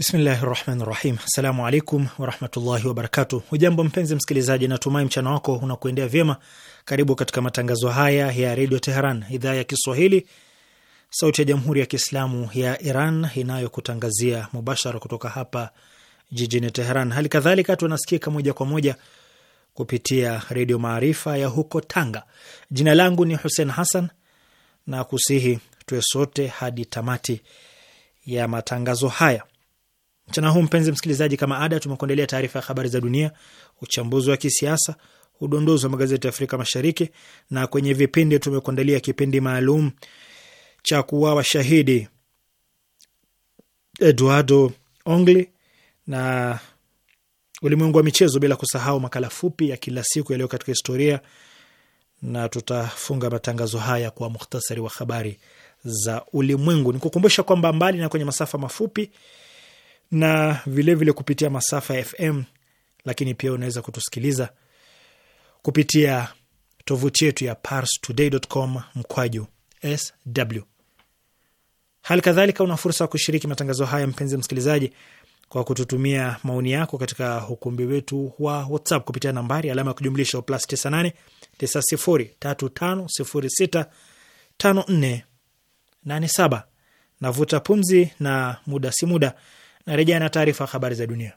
Bismillahi rahmani rahim. Assalamu alaikum warahmatullahi wabarakatu. Hujambo mpenzi msikilizaji, natumai mchana wako unakuendea vyema. Karibu katika matangazo haya ya redio Teheran, idhaa ya Kiswahili, sauti ya jamhuri ya kiislamu ya Iran inayokutangazia mubashara kutoka hapa jijini Teheran. Hali kadhalika tunasikika moja kwa moja kupitia redio Maarifa ya huko Tanga. Jina langu ni Hussein Hassan na kusihi tuwe sote hadi tamati ya matangazo haya. Mchana huu mpenzi msikilizaji, kama ada, tumekuandalia taarifa ya habari za dunia, uchambuzi wa kisiasa, udondozi wa magazeti ya Afrika Mashariki, na kwenye vipindi tumekuandalia kipindi maalum cha kuwawa shahidi Eduardo Ongli na ulimwengu wa michezo, bila kusahau makala fupi ya kila siku yaliyo katika historia, na tutafunga matangazo haya kwa muhtasari wa habari za ulimwengu. Nikukumbusha kwamba mbali na kwenye masafa mafupi na vilevile vile kupitia masafa ya FM, lakini pia unaweza kutusikiliza kupitia tovuti yetu ya parstoday.com mkwaju sw. Hali kadhalika una fursa ya kushiriki matangazo haya, mpenzi msikilizaji, kwa kututumia maoni yako katika ukumbi wetu wa WhatsApp kupitia nambari alama ya kujumlisha plus 98 9035065487. Navuta pumzi na muda si muda Narejea na taarifa ya habari za dunia.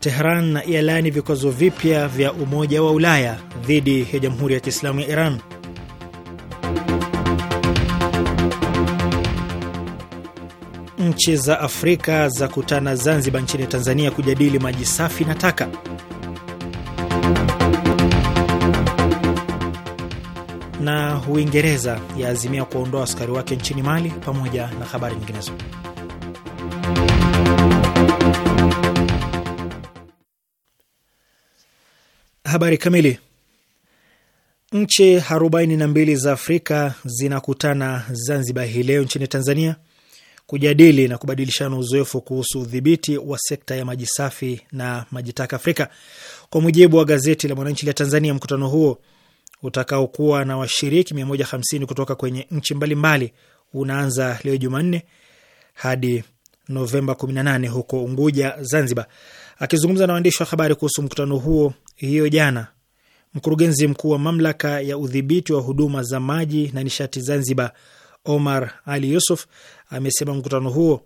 Tehran ialani vikwazo vipya vya Umoja wa Ulaya dhidi ya Jamhuri ya Kiislamu ya Iran. Nchi za Afrika za kutana Zanzibar nchini Tanzania kujadili maji safi na taka. Na Uingereza yaazimia kuondoa askari wake nchini Mali, pamoja na habari nyinginezo. Habari kamili. Nchi arobaini na mbili za Afrika zinakutana Zanzibar hii leo nchini Tanzania kujadili na kubadilishana uzoefu kuhusu udhibiti wa sekta ya maji safi na maji taka Afrika. Kwa mujibu wa gazeti la Mwananchi la Tanzania, mkutano huo utakaokuwa na washiriki 150 kutoka kwenye nchi mbalimbali unaanza leo Jumanne hadi Novemba 18 huko Unguja, Zanzibar. Akizungumza na waandishi wa habari kuhusu mkutano huo hiyo jana, mkurugenzi mkuu wa mamlaka ya udhibiti wa huduma za maji na nishati Zanzibar, Omar Ali Yusuf, amesema mkutano huo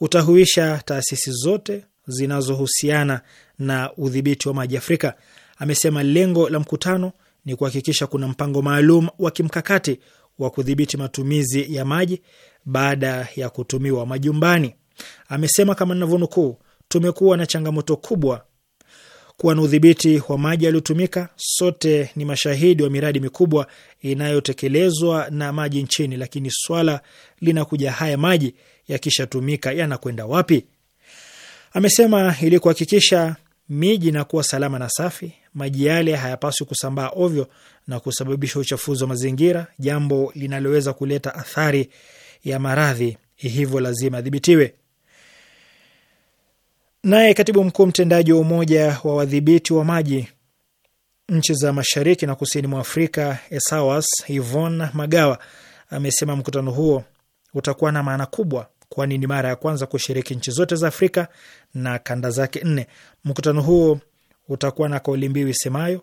utahuisha taasisi zote zinazohusiana na udhibiti wa maji Afrika. Amesema lengo la mkutano ni kuhakikisha kuna mpango maalum wa kimkakati wa kudhibiti matumizi ya maji baada ya kutumiwa majumbani. Amesema kama ninavyonukuu, tumekuwa na changamoto kubwa kuwa na udhibiti wa maji yaliyotumika. Sote ni mashahidi wa miradi mikubwa inayotekelezwa na maji nchini, lakini swala linakuja, haya maji yakishatumika yanakwenda wapi? Amesema ili kuhakikisha miji inakuwa salama na safi, maji yale hayapaswi kusambaa ovyo na kusababisha uchafuzi wa mazingira, jambo linaloweza kuleta athari ya maradhi, hivyo lazima adhibitiwe. Naye katibu mkuu mtendaji wa Umoja wa Wadhibiti wa Maji nchi za mashariki na kusini mwa Afrika, ESAWAS, Yvonne Magawa amesema mkutano huo utakuwa na maana kubwa, kwani ni mara ya kwanza kushiriki nchi zote za Afrika na kanda zake nne. Mkutano huo utakuwa na kauli mbiu isemayo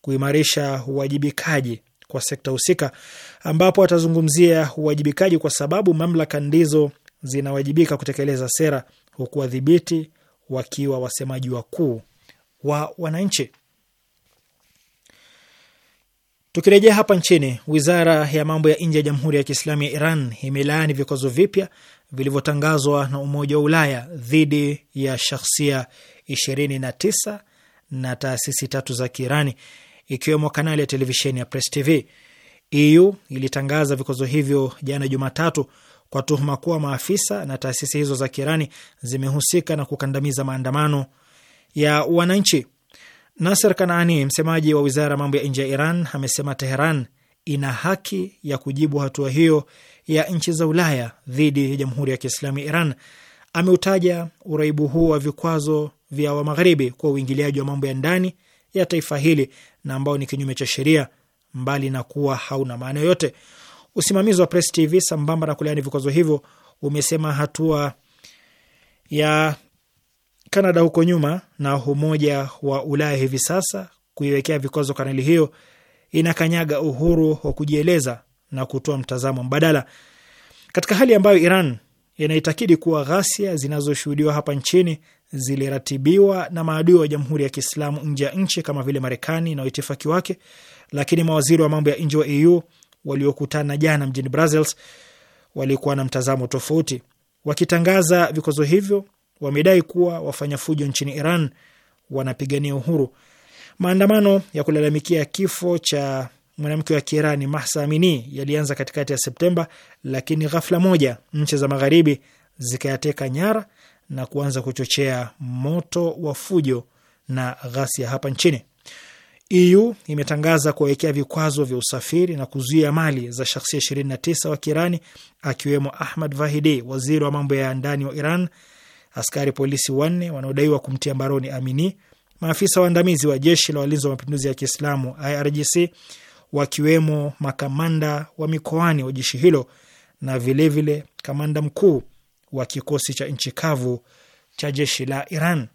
kuimarisha uwajibikaji kwa sekta husika, ambapo atazungumzia uwajibikaji kwa sababu mamlaka ndizo zinawajibika kutekeleza sera, huku wadhibiti wakiwa wasemaji wakuu wa wananchi. Tukirejea hapa nchini, wizara ya mambo ya nje ya Jamhuri ya Kiislamu ya Iran imelaani vikwazo vipya vilivyotangazwa na Umoja wa Ulaya dhidi ya shahsia 29 na taasisi tatu za Kiirani ikiwemo kanali ya televisheni ya Press TV. EU ilitangaza vikwazo hivyo jana Jumatatu kwa tuhuma kuwa maafisa na taasisi hizo za Kirani zimehusika na kukandamiza maandamano ya wananchi. Nasser Kanaani, msemaji wa wizara ya mambo ya nje ya Iran, amesema Teheran ina haki ya kujibu hatua hiyo ya nchi za Ulaya dhidi ya Jamhuri ya Kiislamu ya Iran. Ameutaja uraibu huu wa vikwazo vya wa Magharibi kwa uingiliaji wa mambo ya ndani ya taifa hili na ambao ni kinyume cha sheria, mbali na kuwa hauna maana yoyote. Usimamizi wa Press TV sambamba na kulaani vikwazo hivyo umesema hatua ya Kanada huko nyuma na Umoja wa Ulaya hivi sasa kuiwekea vikwazo kanali hiyo inakanyaga uhuru wa kujieleza na kutoa mtazamo mbadala, katika hali ambayo Iran inaitakidi kuwa ghasia zinazoshuhudiwa hapa nchini ziliratibiwa na maadui wa Jamhuri ya Kiislamu nje ya nchi kama vile Marekani na waitifaki wake, lakini mawaziri wa mambo ya nje wa EU waliokutana jana mjini Brussels walikuwa na mtazamo tofauti. Wakitangaza vikwazo hivyo, wamedai kuwa wafanya fujo nchini Iran wanapigania uhuru. Maandamano ya kulalamikia kifo cha mwanamke wa Kiirani Mahsa Amini yalianza katikati ya Septemba, lakini ghafla moja nchi za Magharibi zikayateka nyara na kuanza kuchochea moto wa fujo na ghasia hapa nchini. EU imetangaza kuwawekea vikwazo vya usafiri na kuzuia mali za shahsia 29 wa Kiirani, akiwemo Ahmad Vahidi, waziri wa mambo ya ndani wa Iran, askari polisi wanne wanaodaiwa kumtia mbaroni Amini, maafisa waandamizi wa jeshi la walinzi wa mapinduzi ya Kiislamu IRGC, wakiwemo makamanda wa mikoani wa jeshi hilo na vilevile vile kamanda mkuu wa kikosi cha nchi kavu cha jeshi la Iran.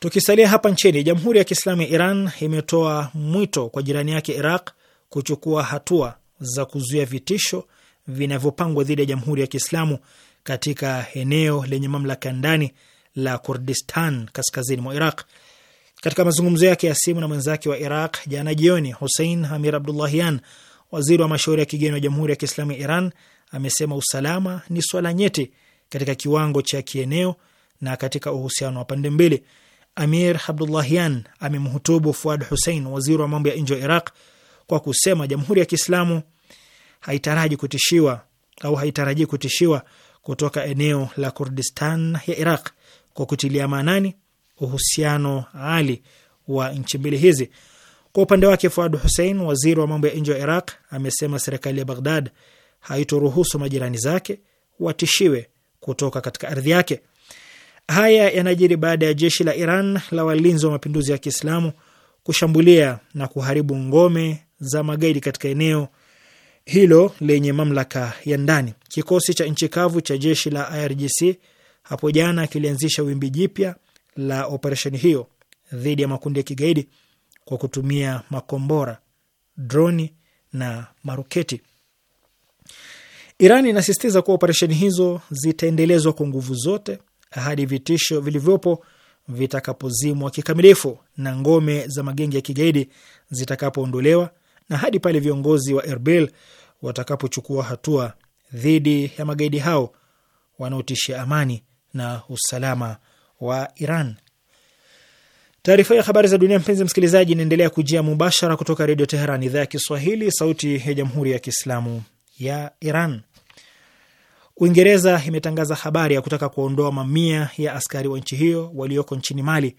Tukisalia hapa nchini, Jamhuri ya Kiislamu ya Iran imetoa mwito kwa jirani yake Iraq kuchukua hatua za kuzuia vitisho vinavyopangwa dhidi ya Jamhuri ya Kiislamu katika eneo lenye mamlaka ndani la Kurdistan kaskazini mwa Iraq. Katika mazungumzo yake ya simu na mwenzake wa Iraq jana jioni, Hussein Amir Abdullahian, waziri wa mashauri ya kigeni wa Jamhuri ya Kiislamu ya Iran, amesema usalama ni swala nyeti katika kiwango cha kieneo na katika uhusiano wa pande mbili. Amir Abdullahian amemhutubu Fuad Hussein, waziri wa mambo ya nje wa Iraq, kwa kusema jamhuri ya Kiislamu haitaraji kutishiwa au haitarajii kutishiwa kutoka eneo la Kurdistan ya Iraq, kwa kutilia maanani uhusiano ali wa nchi mbili hizi. Kwa upande wake, Fuad Hussein, waziri wa mambo ya nje wa Iraq, amesema serikali ya Baghdad haitoruhusu majirani zake watishiwe kutoka katika ardhi yake. Haya yanajiri baada ya jeshi la Iran la walinzi wa mapinduzi ya Kiislamu kushambulia na kuharibu ngome za magaidi katika eneo hilo lenye mamlaka ya ndani. Kikosi cha nchi kavu cha jeshi la IRGC hapo jana kilianzisha wimbi jipya la operesheni hiyo dhidi ya makundi ya kigaidi kwa kutumia makombora, droni na maruketi Iran inasisitiza kuwa operesheni hizo zitaendelezwa kwa nguvu zote hadi vitisho vilivyopo vitakapozimwa kikamilifu na ngome za magenge ya kigaidi zitakapoondolewa na hadi pale viongozi wa Erbil watakapochukua hatua dhidi ya magaidi hao wanaotishia amani na usalama wa Iran. Taarifa ya habari za dunia, mpenzi msikilizaji, inaendelea kujia mubashara kutoka Redio Teheran, idhaa ya Kiswahili, sauti ya Jamhuri ya Kiislamu ya Iran. Uingereza imetangaza habari ya kutaka kuondoa mamia ya askari wa nchi hiyo walioko nchini Mali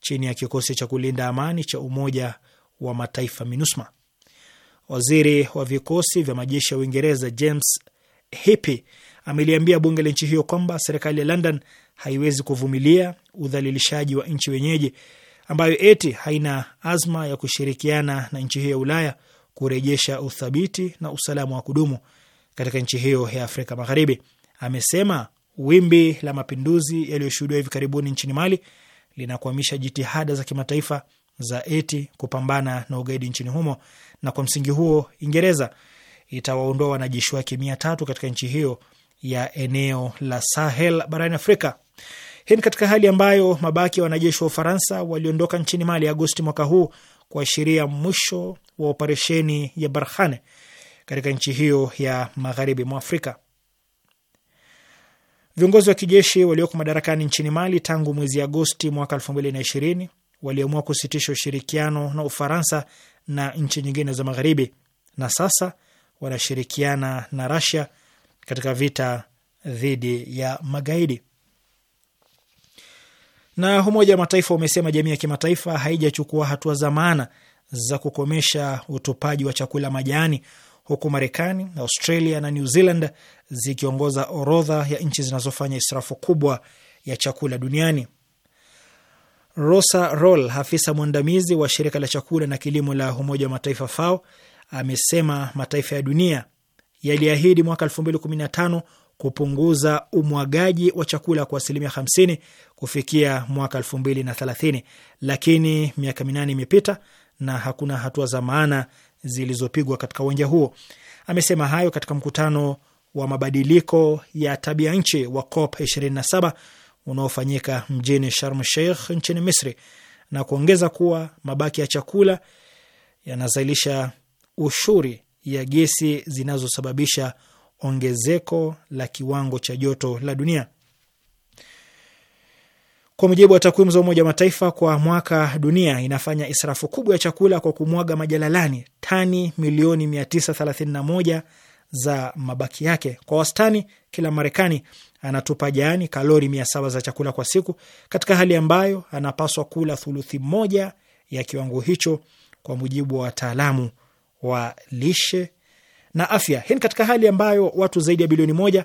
chini ya kikosi cha kulinda amani cha Umoja wa Mataifa MINUSMA. Waziri wa vikosi vya majeshi ya Uingereza James Hippy ameliambia bunge la nchi hiyo kwamba serikali ya London haiwezi kuvumilia udhalilishaji wa nchi wenyeji ambayo eti haina azma ya kushirikiana na nchi hiyo ya Ulaya kurejesha uthabiti na usalama wa kudumu katika nchi hiyo ya Afrika Magharibi. Amesema wimbi la mapinduzi yaliyoshuhudiwa hivi karibuni nchini Mali linakwamisha jitihada za kimataifa za eti kupambana na ugaidi nchini humo, na kwa msingi huo Ingereza itawaondoa wanajeshi wake mia tatu katika nchi hiyo ya eneo la Sahel barani Afrika. Hii ni katika hali ambayo mabaki ya wanajeshi wa Ufaransa waliondoka nchini Mali Agosti mwaka huu kuashiria mwisho wa operesheni ya Barkhane katika nchi hiyo ya magharibi mwa Afrika. Viongozi wa kijeshi walioko madarakani nchini Mali tangu mwezi Agosti mwaka 2020 waliamua kusitisha ushirikiano na Ufaransa na nchi nyingine za magharibi na sasa wanashirikiana na Rasia katika vita dhidi ya magaidi. Na Umoja wa Mataifa umesema jamii ya kimataifa haijachukua hatua za maana za kukomesha utupaji wa chakula majani huku Marekani, Australia na New Zealand zikiongoza orodha ya nchi zinazofanya israfu kubwa ya chakula duniani. Rosa Roll, afisa mwandamizi wa shirika la chakula na kilimo la Umoja wa Mataifa FAO, amesema mataifa ya dunia yaliahidi mwaka 2015 kupunguza umwagaji wa chakula kwa asilimia 50 kufikia mwaka 2030, lakini miaka minane imepita na hakuna hatua za maana zilizopigwa katika uwanja huo. Amesema hayo katika mkutano wa mabadiliko ya tabia nchi wa COP 27 unaofanyika mjini Sharm Sheikh nchini Misri na kuongeza kuwa mabaki ya chakula yanazalisha ushuri ya gesi zinazosababisha ongezeko la kiwango cha joto la dunia. Kwa mujibu wa takwimu za Umoja wa Mataifa, kwa mwaka dunia inafanya israfu kubwa ya chakula kwa kumwaga majalalani tani milioni 931 za mabaki yake. Kwa wastani, kila Marekani anatupa jaani kalori 700 za chakula kwa siku, katika hali ambayo anapaswa kula thuluthi moja ya kiwango hicho, kwa mujibu wa wataalamu wa lishe na afya. Hii ni katika hali ambayo watu zaidi ya bilioni moja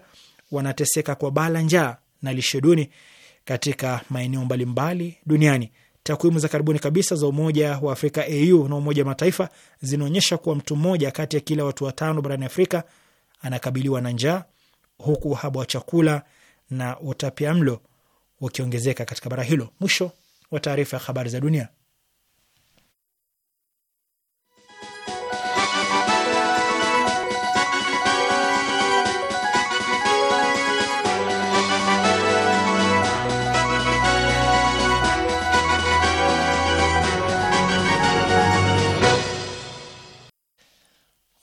wanateseka kwa bala njaa na lishe duni katika maeneo mbalimbali duniani. Takwimu za karibuni kabisa za Umoja wa Afrika au na Umoja wa Mataifa zinaonyesha kuwa mtu mmoja kati ya kila watu watano barani Afrika anakabiliwa na njaa, huku uhaba wa chakula na utapia mlo ukiongezeka katika bara hilo. Mwisho wa taarifa ya habari za dunia.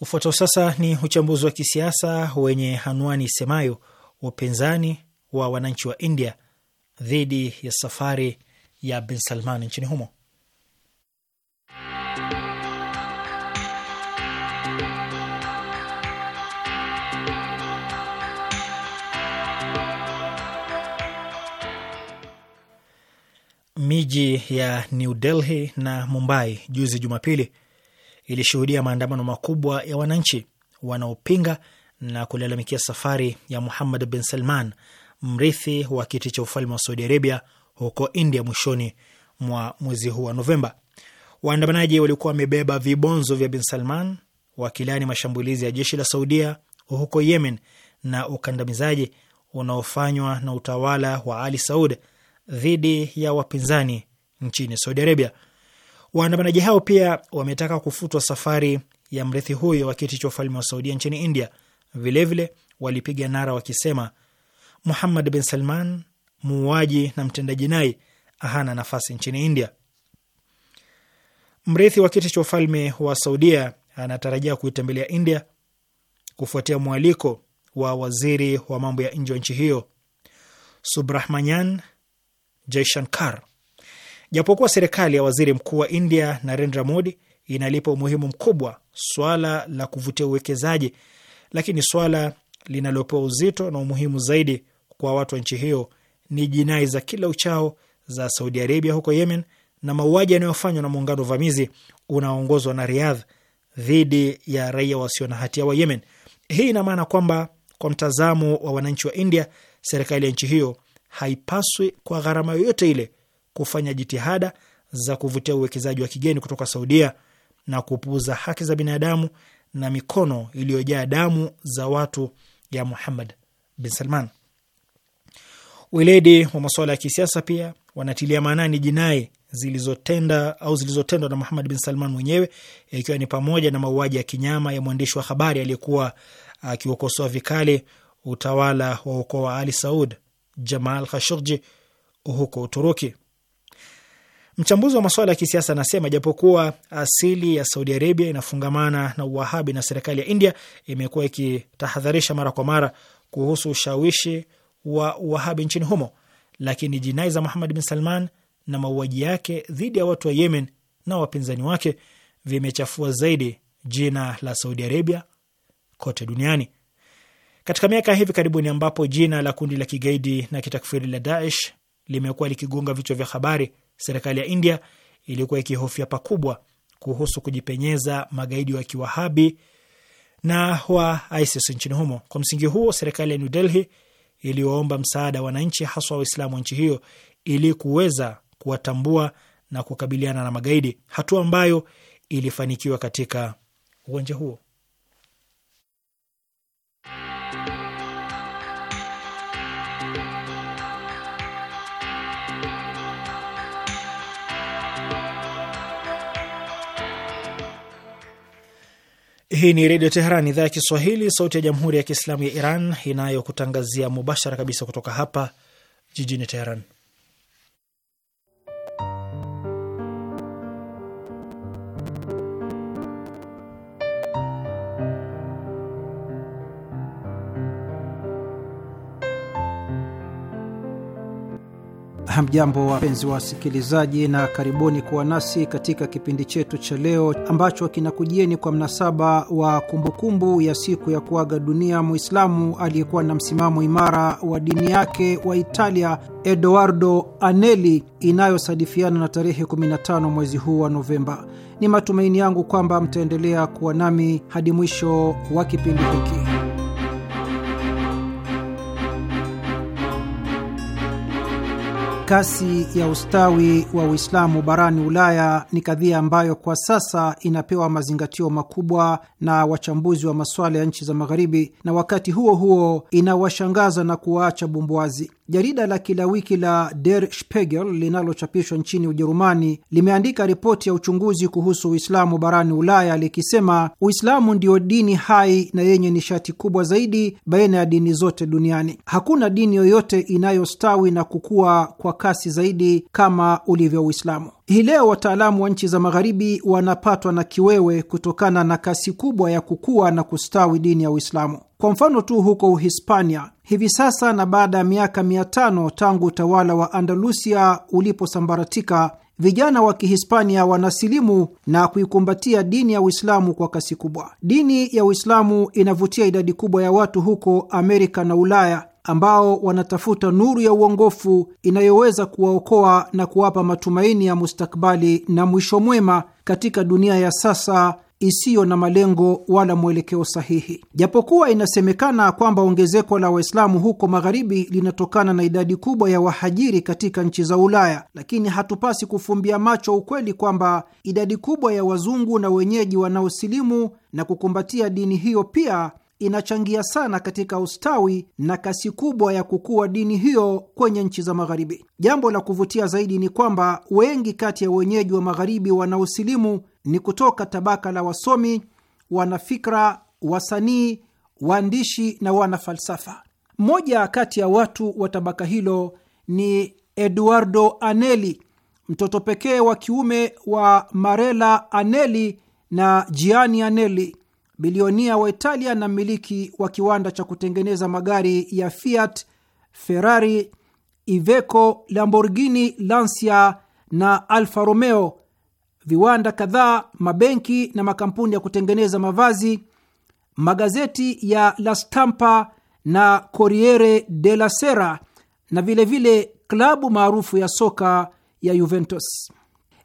Ufuatao sasa ni uchambuzi wa kisiasa wenye anwani semayo upinzani wa wananchi wa India dhidi ya safari ya Bin Salman nchini humo. Miji ya New Delhi na Mumbai juzi Jumapili ilishuhudia maandamano makubwa ya wananchi wanaopinga na kulalamikia safari ya Muhammad bin Salman, mrithi wa kiti cha ufalme wa Saudi Arabia, huko India mwishoni mwa mwezi huu wa Novemba. Waandamanaji walikuwa wamebeba vibonzo vya bin Salman wakilani mashambulizi ya jeshi la Saudia huko Yemen na ukandamizaji unaofanywa na utawala wa Ali Saud dhidi ya wapinzani nchini Saudi Arabia. Waandamanaji hao pia wametaka kufutwa safari ya mrithi huyo wa kiti cha ufalme wa Saudia nchini India. Vilevile walipiga nara wakisema, Muhammad bin Salman, muuaji na mtenda jinai, hana nafasi nchini India. Mrithi wa kiti cha ufalme wa Saudia anatarajia kuitembelea India kufuatia mwaliko wa waziri wa mambo ya nje wa nchi hiyo Subrahmanyan Jaishankar Japokuwa serikali ya waziri mkuu wa India Narendra Modi inalipa umuhimu mkubwa swala la kuvutia uwekezaji, lakini swala linalopewa uzito na umuhimu zaidi kwa watu wa nchi hiyo ni jinai za kila uchao za Saudi Arabia huko Yemen na mauaji yanayofanywa na muungano uvamizi unaoongozwa na Riyadh dhidi ya raia wasio na hatia wa Yemen. Hii ina maana kwamba kwa mtazamo wa wananchi wa India, serikali ya nchi hiyo haipaswi kwa gharama yoyote ile kufanya jitihada za kuvutia uwekezaji wa kigeni kutoka Saudia na kupuuza haki za binadamu na mikono iliyojaa damu za watu ya Muhammad bin Salman. Weledi wa masuala ya kisiasa pia wanatilia maanani jinai zilizotenda au zilizotendwa na Muhammad bin Salman mwenyewe, ikiwa ni pamoja na mauaji ya kinyama ya mwandishi wa habari aliyekuwa akiukosoa vikali utawala wa ukoo wa Ali Saud Jamal Khashoggi huko Uturuki. Mchambuzi wa masuala ya kisiasa anasema japokuwa asili ya Saudi Arabia inafungamana na Uwahabi na serikali ya India imekuwa ikitahadharisha mara kwa mara kuhusu ushawishi wa Uwahabi nchini humo, lakini jinai za Muhammad bin Salman na mauaji yake dhidi ya watu wa Yemen na wapinzani wake vimechafua zaidi jina la Saudi Arabia kote duniani. Katika miaka hivi karibuni, ambapo jina la kundi la kigaidi na kitakfiri la Daesh limekuwa likigonga vichwa vya habari Serikali ya India ilikuwa ikihofia pakubwa kuhusu kujipenyeza magaidi wa kiwahabi na wa ISIS nchini humo. Kwa msingi huo, serikali ya New Delhi iliwaomba msaada wananchi, haswa Waislamu wa nchi hiyo ili kuweza kuwatambua na kukabiliana na magaidi, hatua ambayo ilifanikiwa katika uwanja huo. Hii ni Redio Teheran, idhaa ya Kiswahili, sauti ya Jamhuri ya Kiislamu ya Iran, inayokutangazia mubashara kabisa kutoka hapa jijini Teheran. Hamjambo, wapenzi wa wasikilizaji, na karibuni kuwa nasi katika kipindi chetu cha leo ambacho kinakujieni kwa mnasaba wa kumbukumbu kumbu ya siku ya kuaga dunia Muislamu aliyekuwa na msimamo imara wa dini yake wa Italia, Edoardo aneli inayosadifiana na tarehe 15 mwezi huu wa Novemba. Ni matumaini yangu kwamba mtaendelea kuwa nami hadi mwisho wa kipindi hiki. Kasi ya ustawi wa Uislamu barani Ulaya ni kadhia ambayo kwa sasa inapewa mazingatio makubwa na wachambuzi wa masuala ya nchi za Magharibi, na wakati huo huo inawashangaza na kuwaacha bumbwazi Jarida la kila wiki la Der Spiegel linalochapishwa nchini Ujerumani limeandika ripoti ya uchunguzi kuhusu Uislamu barani Ulaya likisema Uislamu ndio dini hai na yenye nishati kubwa zaidi baina ya dini zote duniani. Hakuna dini yoyote inayostawi na kukua kwa kasi zaidi kama ulivyo Uislamu. Hii leo wataalamu wa nchi za Magharibi wanapatwa na kiwewe kutokana na kasi kubwa ya kukua na kustawi dini ya Uislamu. Kwa mfano tu, huko Uhispania hivi sasa na baada ya miaka mia tano tangu utawala wa Andalusia uliposambaratika, vijana wa Kihispania wanasilimu na kuikumbatia dini ya Uislamu kwa kasi kubwa. Dini ya Uislamu inavutia idadi kubwa ya watu huko Amerika na Ulaya ambao wanatafuta nuru ya uongofu inayoweza kuwaokoa na kuwapa matumaini ya mustakbali na mwisho mwema katika dunia ya sasa isiyo na malengo wala mwelekeo sahihi. Japokuwa inasemekana kwamba ongezeko la Waislamu huko magharibi linatokana na idadi kubwa ya wahajiri katika nchi za Ulaya, lakini hatupasi kufumbia macho ukweli kwamba idadi kubwa ya wazungu na wenyeji wanaosilimu na kukumbatia dini hiyo pia inachangia sana katika ustawi na kasi kubwa ya kukua dini hiyo kwenye nchi za Magharibi. Jambo la kuvutia zaidi ni kwamba wengi kati ya wenyeji wa Magharibi wanaosilimu ni kutoka tabaka la wasomi, wanafikra, wasanii, waandishi na wanafalsafa. Mmoja kati ya watu wa tabaka hilo ni Eduardo Anelli, mtoto pekee wa kiume wa marela Anelli na Gianni Anelli bilionia wa Italia na mmiliki wa kiwanda cha kutengeneza magari ya Fiat, Ferrari, Iveco, Lamborghini, Lancia na Alfa Romeo, viwanda kadhaa, mabenki na makampuni ya kutengeneza mavazi, magazeti ya La Stampa na Corriere della Sera na vilevile klabu maarufu ya soka ya Juventus.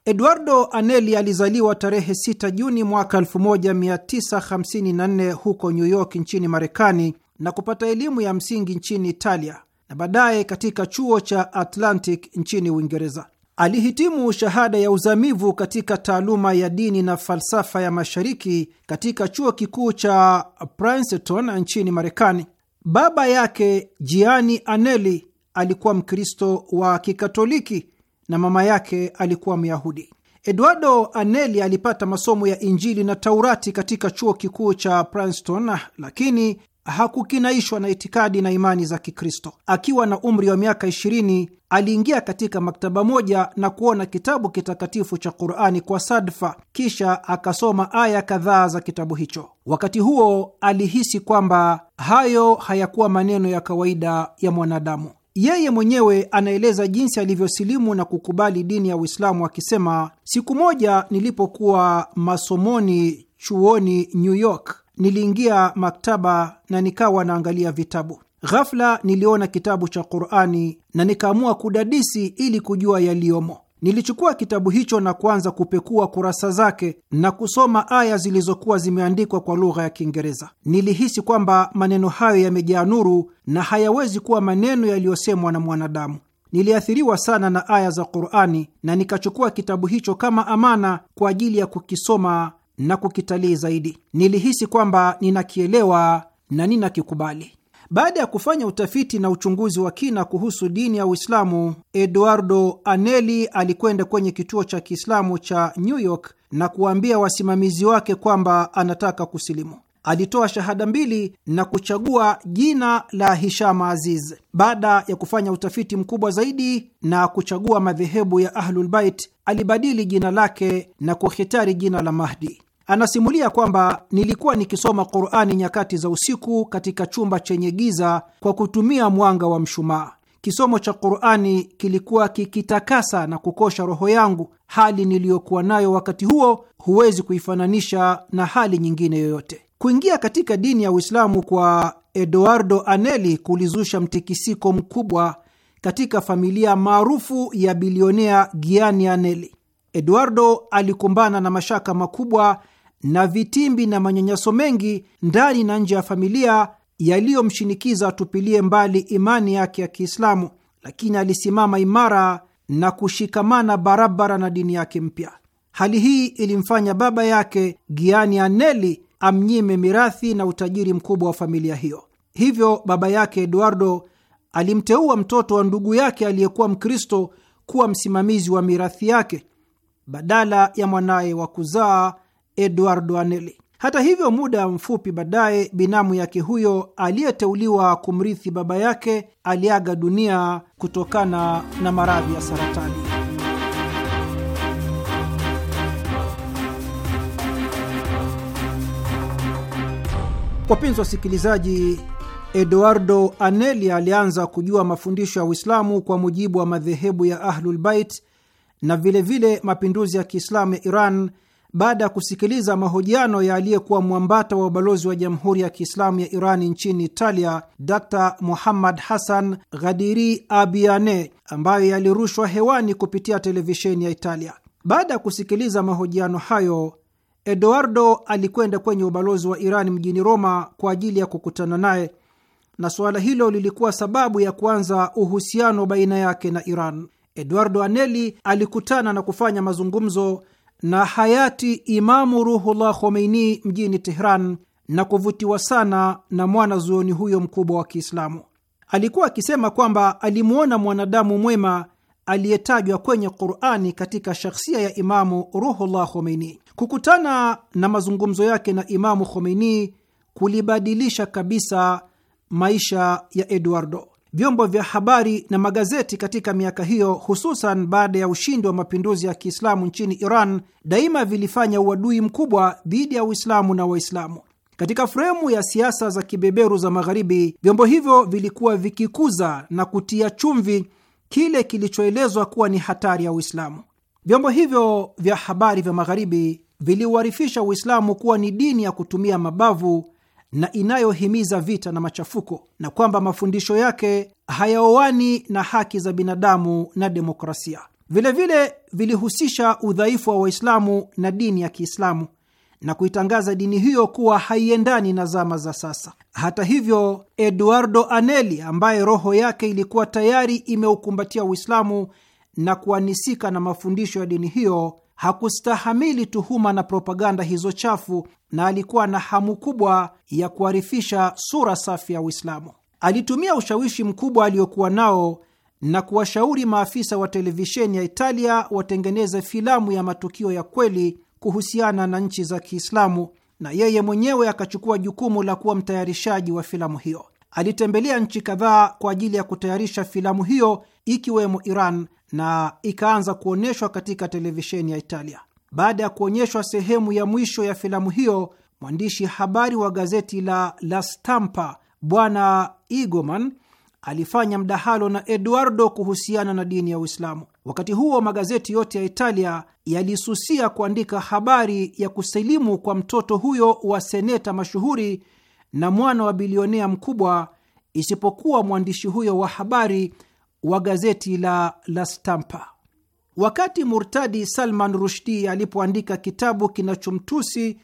Eduardo Anelli alizaliwa tarehe 6 Juni mwaka 1954 huko New York nchini Marekani na kupata elimu ya msingi nchini Italia na baadaye katika chuo cha Atlantic nchini Uingereza. Alihitimu shahada ya uzamivu katika taaluma ya dini na falsafa ya mashariki katika chuo kikuu cha Princeton nchini Marekani. Baba yake Gianni Anelli alikuwa Mkristo wa Kikatoliki na mama yake alikuwa Myahudi. Eduardo Anelli alipata masomo ya Injili na Taurati katika chuo kikuu cha Princeton, lakini hakukinaishwa na itikadi na imani za Kikristo. Akiwa na umri wa miaka 20 aliingia katika maktaba moja na kuona kitabu kitakatifu cha Qurani kwa sadfa, kisha akasoma aya kadhaa za kitabu hicho. Wakati huo alihisi kwamba hayo hayakuwa maneno ya kawaida ya mwanadamu. Yeye mwenyewe anaeleza jinsi alivyosilimu na kukubali dini ya Uislamu akisema, siku moja nilipokuwa masomoni chuoni New York, niliingia maktaba na nikawa naangalia vitabu. Ghafla niliona kitabu cha Qur'ani na nikaamua kudadisi ili kujua yaliyomo. Nilichukua kitabu hicho na kuanza kupekua kurasa zake na kusoma aya zilizokuwa zimeandikwa kwa lugha ya Kiingereza. Nilihisi kwamba maneno hayo yamejaa nuru na hayawezi kuwa maneno yaliyosemwa na mwanadamu. Niliathiriwa sana na aya za Qur'ani na nikachukua kitabu hicho kama amana kwa ajili ya kukisoma na kukitalii zaidi. Nilihisi kwamba ninakielewa na ninakikubali. Baada ya kufanya utafiti na uchunguzi wa kina kuhusu dini ya Uislamu, Eduardo Anelli alikwenda kwenye kituo cha Kiislamu cha New York na kuwaambia wasimamizi wake kwamba anataka kusilimu. Alitoa shahada mbili na kuchagua jina la Hishama Aziz. Baada ya kufanya utafiti mkubwa zaidi na kuchagua madhehebu ya Ahlulbait, alibadili jina lake na kuhitari jina la Mahdi. Anasimulia kwamba nilikuwa nikisoma Qur'ani nyakati za usiku katika chumba chenye giza kwa kutumia mwanga wa mshumaa. Kisomo cha Qur'ani kilikuwa kikitakasa na kukosha roho yangu. Hali niliyokuwa nayo wakati huo huwezi kuifananisha na hali nyingine yoyote. Kuingia katika dini ya Uislamu kwa Eduardo Anelli kulizusha mtikisiko mkubwa katika familia maarufu ya bilionea Gianni Anelli. Eduardo alikumbana na mashaka makubwa na vitimbi na manyanyaso mengi ndani na nje ya familia yaliyomshinikiza atupilie mbali imani yake ya Kiislamu, lakini alisimama imara na kushikamana barabara na dini yake mpya. Hali hii ilimfanya baba yake giani aneli amnyime mirathi na utajiri mkubwa wa familia hiyo. Hivyo baba yake Eduardo alimteua mtoto wa ndugu yake aliyekuwa Mkristo kuwa msimamizi wa mirathi yake badala ya mwanaye wa kuzaa Eduardo Anelli. Hata hivyo, muda mfupi baadaye binamu yake huyo aliyeteuliwa kumrithi baba yake aliaga dunia kutokana na maradhi ya saratani. Wapenzi wasikilizaji, Eduardo Anelli alianza kujua mafundisho ya Uislamu kwa mujibu wa madhehebu ya Ahlulbait na vilevile vile mapinduzi ya Kiislamu ya Iran baada ya kusikiliza mahojiano ya aliyekuwa mwambata wa ubalozi wa Jamhuri ya Kiislamu ya Irani nchini Italia, Dr Muhammad Hassan Ghadiri Abiane, ambayo yalirushwa hewani kupitia televisheni ya Italia. Baada ya kusikiliza mahojiano hayo, Eduardo alikwenda kwenye ubalozi wa Irani mjini Roma kwa ajili ya kukutana naye, na suala hilo lilikuwa sababu ya kuanza uhusiano baina yake na Iran. Eduardo aneli alikutana na kufanya mazungumzo na hayati Imamu Ruhullah Khomeini mjini Tehran na kuvutiwa sana na mwanazuoni huyo mkubwa wa Kiislamu. Alikuwa akisema kwamba alimwona mwanadamu mwema aliyetajwa kwenye Qurani katika shakhsia ya Imamu Ruhullah Khomeini. Kukutana na mazungumzo yake na Imamu Khomeini kulibadilisha kabisa maisha ya Eduardo vyombo vya habari na magazeti katika miaka hiyo, hususan baada ya ushindi wa mapinduzi ya Kiislamu nchini Iran, daima vilifanya uadui mkubwa dhidi ya Uislamu na Waislamu. Katika fremu ya siasa za kibeberu za Magharibi, vyombo hivyo vilikuwa vikikuza na kutia chumvi kile kilichoelezwa kuwa ni hatari ya Uislamu. Vyombo hivyo vya habari vya Magharibi viliuharifisha Uislamu kuwa ni dini ya kutumia mabavu na inayohimiza vita na machafuko na kwamba mafundisho yake hayaoani na haki za binadamu na demokrasia. Vilevile vile vilihusisha udhaifu wa Waislamu na dini ya Kiislamu na kuitangaza dini hiyo kuwa haiendani na zama za sasa. Hata hivyo, Eduardo Anelli ambaye roho yake ilikuwa tayari imeukumbatia Uislamu na kuanisika na mafundisho ya dini hiyo hakustahamili tuhuma na propaganda hizo chafu na alikuwa na hamu kubwa ya kuharifisha sura safi ya Uislamu. Alitumia ushawishi mkubwa aliokuwa nao na kuwashauri maafisa wa televisheni ya Italia watengeneze filamu ya matukio ya kweli kuhusiana na nchi za Kiislamu, na yeye mwenyewe akachukua jukumu la kuwa mtayarishaji wa filamu hiyo. Alitembelea nchi kadhaa kwa ajili ya kutayarisha filamu hiyo ikiwemo Iran na ikaanza kuonyeshwa katika televisheni ya Italia. Baada ya kuonyeshwa sehemu ya mwisho ya filamu hiyo, mwandishi habari wa gazeti la La Stampa Bwana Igoman alifanya mdahalo na Eduardo kuhusiana na dini ya Uislamu. Wakati huo magazeti yote ya Italia yalisusia kuandika habari ya kusilimu kwa mtoto huyo wa seneta mashuhuri na mwana wa bilionea mkubwa, isipokuwa mwandishi huyo wa habari wa gazeti la La Stampa. Wakati murtadi Salman Rushdi alipoandika kitabu kinachomtusi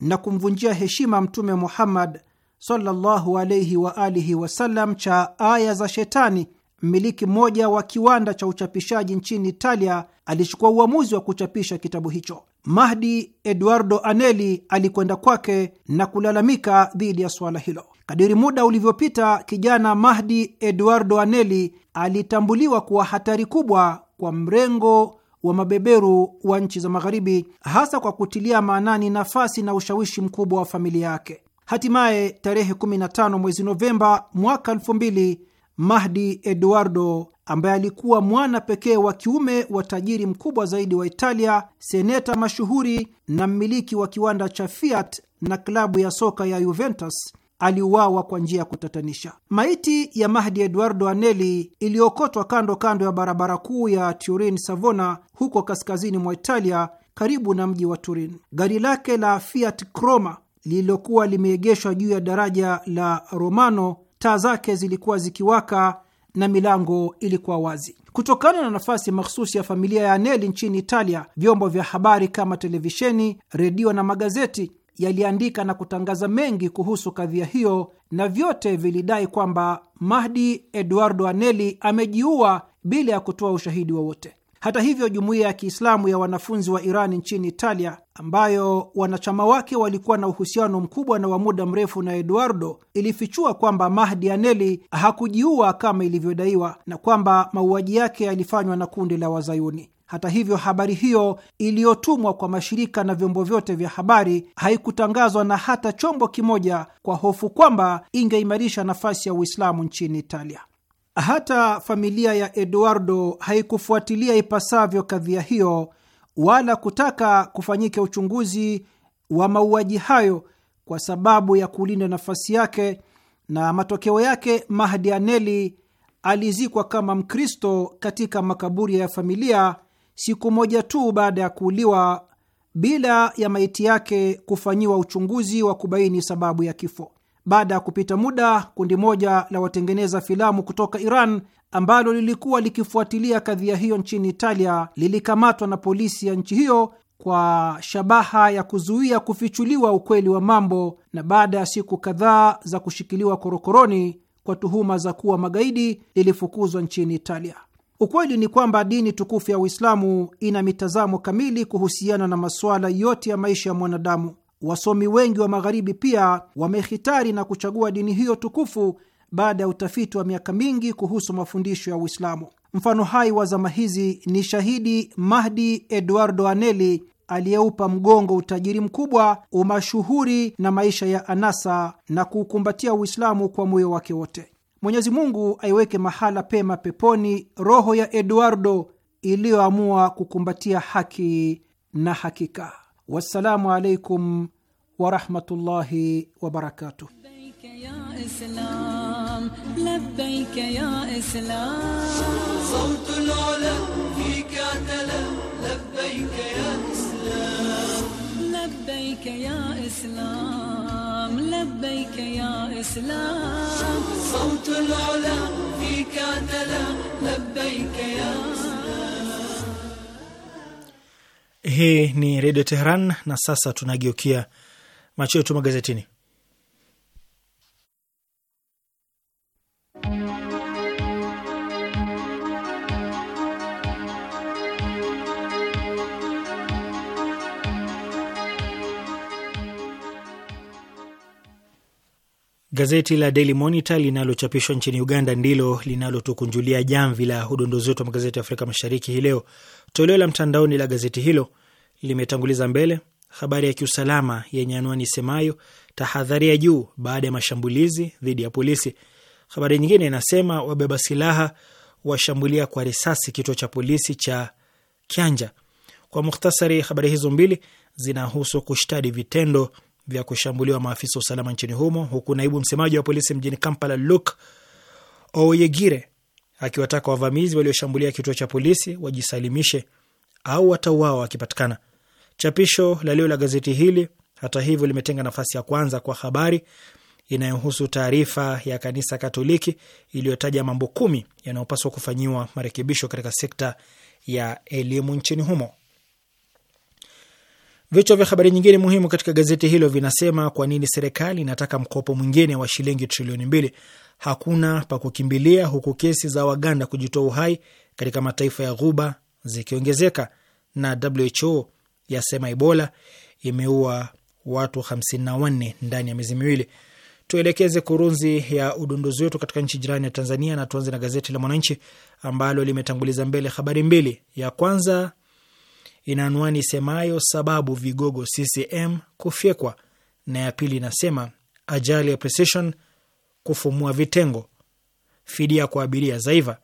na kumvunjia heshima Mtume Muhammad sallallahu alayhi wa alihi wasallam cha Aya za Shetani, mmiliki mmoja wa kiwanda cha uchapishaji nchini Italia alichukua uamuzi wa kuchapisha kitabu hicho. Mahdi Eduardo Anelli alikwenda kwake na kulalamika dhidi ya suala hilo. Kadiri muda ulivyopita, kijana Mahdi Eduardo Anelli alitambuliwa kuwa hatari kubwa kwa mrengo wa mabeberu wa nchi za Magharibi, hasa kwa kutilia maanani nafasi na ushawishi mkubwa wa familia yake. Hatimaye tarehe 15 mwezi Novemba mwaka 2000 Mahdi Eduardo ambaye alikuwa mwana pekee wa kiume wa tajiri mkubwa zaidi wa Italia, seneta mashuhuri na mmiliki wa kiwanda cha Fiat na klabu ya soka ya Juventus aliuawa kwa njia ya kutatanisha. Maiti ya Mahdi Eduardo aneli iliokotwa kando kando ya barabara kuu ya Turin Savona, huko kaskazini mwa Italia, karibu na mji wa Turin. Gari lake la Fiat Croma lililokuwa limeegeshwa juu ya daraja la Romano, taa zake zilikuwa zikiwaka na milango ilikuwa wazi. Kutokana na nafasi mahsusi ya familia ya aneli nchini Italia, vyombo vya habari kama televisheni, redio na magazeti yaliandika na kutangaza mengi kuhusu kadhia hiyo, na vyote vilidai kwamba Mahdi Eduardo aneli amejiua bila ya kutoa ushahidi wowote. Hata hivyo, jumuiya ya Kiislamu ya wanafunzi wa Iran nchini Italia, ambayo wanachama wake walikuwa na uhusiano mkubwa na wa muda mrefu na Eduardo, ilifichua kwamba Mahdi Aneli hakujiua kama ilivyodaiwa na kwamba mauaji yake yalifanywa na kundi la Wazayuni. Hata hivyo, habari hiyo iliyotumwa kwa mashirika na vyombo vyote vya habari haikutangazwa na hata chombo kimoja, kwa hofu kwamba ingeimarisha nafasi ya Uislamu nchini Italia. Hata familia ya Eduardo haikufuatilia ipasavyo kadhia hiyo wala kutaka kufanyika uchunguzi wa mauaji hayo kwa sababu ya kulinda nafasi yake, na matokeo yake Mahdi Aneli alizikwa kama Mkristo katika makaburi ya familia siku moja tu baada ya kuuliwa bila ya maiti yake kufanyiwa uchunguzi wa kubaini sababu ya kifo. Baada ya kupita muda, kundi moja la watengeneza filamu kutoka Iran ambalo lilikuwa likifuatilia kadhia hiyo nchini Italia lilikamatwa na polisi ya nchi hiyo kwa shabaha ya kuzuia kufichuliwa ukweli wa mambo, na baada ya siku kadhaa za kushikiliwa korokoroni kwa tuhuma za kuwa magaidi lilifukuzwa nchini Italia. Ukweli ni kwamba dini tukufu ya Uislamu ina mitazamo kamili kuhusiana na masuala yote ya maisha ya mwanadamu. Wasomi wengi wa Magharibi pia wamehitari na kuchagua dini hiyo tukufu baada ya utafiti wa miaka mingi kuhusu mafundisho ya Uislamu. Mfano hai wa zama hizi ni shahidi Mahdi Eduardo Anelli aliyeupa mgongo utajiri mkubwa, umashuhuri na maisha ya anasa na kuukumbatia Uislamu kwa moyo wake wote. Mwenyezi Mungu aiweke mahala pema peponi roho ya Eduardo iliyoamua kukumbatia haki na hakika. Wassalamu alaikum warahmatullahi wabarakatuh. Ya Islam السلام لبيك يا اسلام صوت العلا فيك عدلا لبيك يا Hii ni Redio Teheran na sasa tunageukia macho yetu magazetini. Gazeti la Daily Monitor linalochapishwa nchini Uganda ndilo linalotukunjulia jamvi la udondozi wetu wa magazeti ya Afrika Mashariki hii leo. Toleo la mtandaoni la gazeti hilo limetanguliza mbele habari ya kiusalama yenye anwani isemayo tahadhari ya juu baada ya mashambulizi dhidi ya polisi. Habari nyingine inasema wabeba silaha washambulia kwa risasi kituo cha polisi cha Kyanja. Kwa mukhtasari, habari hizo mbili zinahusu kushtadi vitendo vya kushambuliwa maafisa wa usalama nchini humo, huku naibu msemaji wa polisi mjini Kampala Luke Oyegire akiwataka wavamizi walioshambulia kituo cha polisi wajisalimishe au watauawa wakipatikana. Chapisho la leo la gazeti hili hata hivyo limetenga nafasi ya kwanza kwa habari inayohusu taarifa ya kanisa Katoliki iliyotaja mambo kumi yanayopaswa kufanyiwa marekebisho katika sekta ya elimu nchini humo. Vichwa vya habari nyingine muhimu katika gazeti hilo vinasema: kwa nini serikali inataka mkopo mwingine wa shilingi trilioni mbili? Hakuna pa kukimbilia, huku kesi za Waganda kujitoa uhai katika mataifa ya Ghuba zikiongezeka, na WHO yasema Ebola imeua watu 54 ndani ya miezi miwili. Tuelekeze kurunzi ya udunduzi wetu katika nchi jirani ya Tanzania na tuanze na gazeti la Mwananchi ambalo limetanguliza mbele habari mbili. Ya kwanza ina anwani semayo sababu vigogo CCM kufyekwa, na ya pili inasema ajali ya Precision kufumua vitengo, fidia kwa abiria zaiva.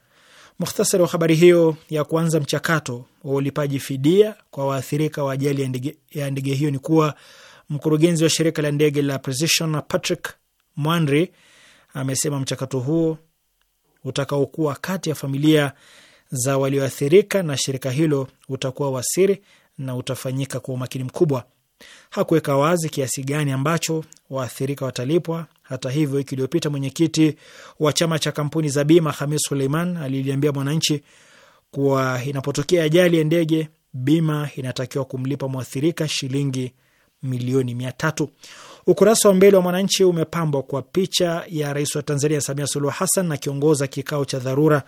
Mukhtasari wa habari hiyo ya kuanza mchakato wa ulipaji fidia kwa waathirika wa ajali ya ndege hiyo ni kuwa mkurugenzi wa shirika la ndege la Precision Patrick Mwandri amesema mchakato huo utakaokuwa kati ya familia za walioathirika na shirika hilo utakuwa wasiri na utafanyika kwa umakini mkubwa. Hakuweka wazi kiasi gani ambacho waathirika watalipwa. Hata hivyo, wiki iliyopita mwenyekiti wa chama cha kampuni za bima Hamis Suleiman aliliambia Mwananchi kuwa inapotokea ajali ya ndege, bima inatakiwa kumlipa mwathirika shilingi milioni mia tatu. Ukurasa wa mbele wa Mwananchi umepambwa kwa picha ya Rais wa Tanzania Samia Suluhu Hassan akiongoza kikao cha dharura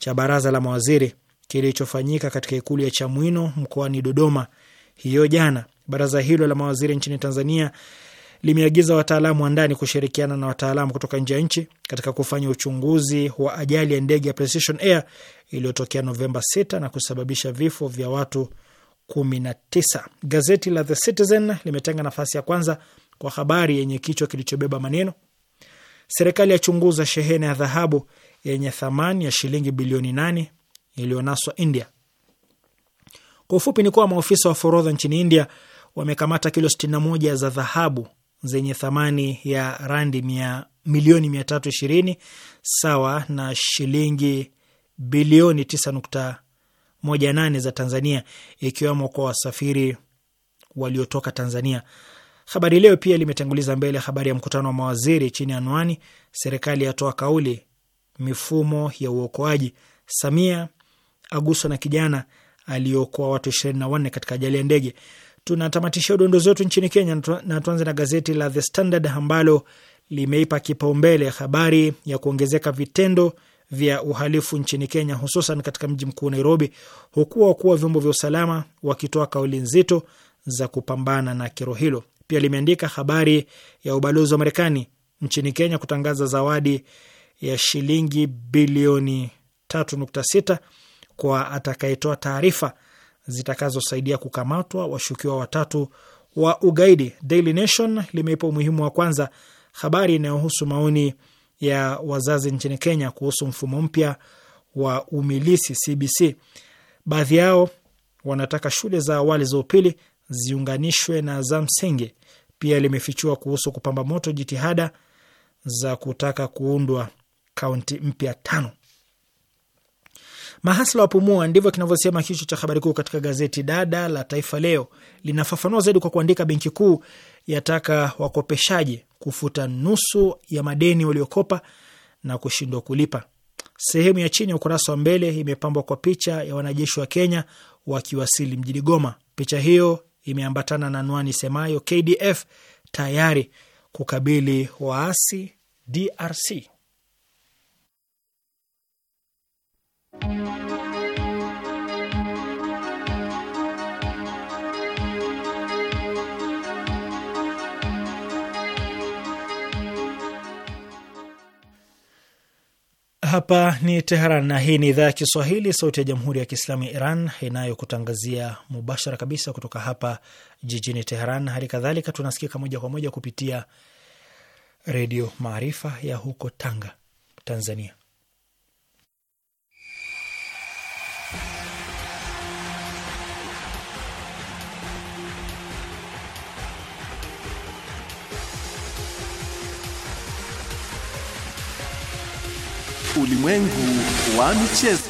cha baraza la mawaziri kilichofanyika katika ikulu ya Chamwino mkoani Dodoma hiyo jana. Baraza hilo la mawaziri nchini Tanzania limeagiza wataalamu wa ndani kushirikiana na wataalamu kutoka nje ya nchi katika kufanya uchunguzi wa ajali ya ndege ya Precision Air iliyotokea Novemba 6 na kusababisha vifo vya watu 19. Gazeti la The Citizen limetenga nafasi ya kwanza kwa habari yenye kichwa kilichobeba maneno serikali yachunguza shehena ya dhahabu yenye thamani ya shilingi bilioni nane iliyonaswa India. Kwa ufupi ni kuwa maofisa wa forodha nchini India wamekamata kilo 61 za dhahabu zenye thamani ya randi mia, milioni 320 sawa na shilingi bilioni 9.18 za Tanzania, ikiwemo kwa wasafiri waliotoka Tanzania. Habari Leo pia limetanguliza mbele habari ya mkutano wa mawaziri chini ya anwani serikali yatoa kauli mifumo ya uokoaji. Samia aguswa na kijana aliokoa watu ishirini na wanne katika ajali ya ndege. Tunatamatishia udondozi wetu nchini Kenya na tuanze na gazeti la The Standard ambalo limeipa kipaumbele habari ya kuongezeka vitendo vya uhalifu nchini Kenya, hususan katika mji mkuu Nairobi, huku wakuu wa vyombo vya usalama wakitoa kauli nzito za kupambana na kero hilo. Pia limeandika habari ya ubalozi wa Marekani nchini Kenya kutangaza zawadi ya shilingi bilioni 3.6 kwa atakayetoa taarifa zitakazosaidia kukamatwa washukiwa watatu wa ugaidi. Daily Nation limeipa umuhimu wa kwanza habari inayohusu maoni ya wazazi nchini Kenya kuhusu mfumo mpya wa umilisi CBC. Baadhi yao wanataka shule za awali za upili ziunganishwe na za msingi. Pia limefichua kuhusu kupamba moto jitihada za kutaka kuundwa kaunti mpya tano. Mahasla wa pumua, ndivyo kinavyosema kichwa cha habari kuu katika gazeti dada la Taifa Leo. Linafafanua zaidi kwa kuandika, benki kuu yataka wakopeshaji kufuta nusu ya madeni waliokopa na kushindwa kulipa. Sehemu ya chini ya ukurasa wa mbele imepambwa kwa picha ya wanajeshi wa Kenya wakiwasili mjini Goma. Picha hiyo imeambatana na anwani semayo KDF tayari kukabili waasi DRC. Hapa ni Teheran na hii ni idhaa ya Kiswahili, sauti ya jamhuri ya kiislamu ya Iran inayokutangazia mubashara kabisa kutoka hapa jijini Teheran. Hali kadhalika tunasikika moja kwa moja kupitia Redio Maarifa ya huko Tanga, Tanzania. Ulimwengu wa michezo.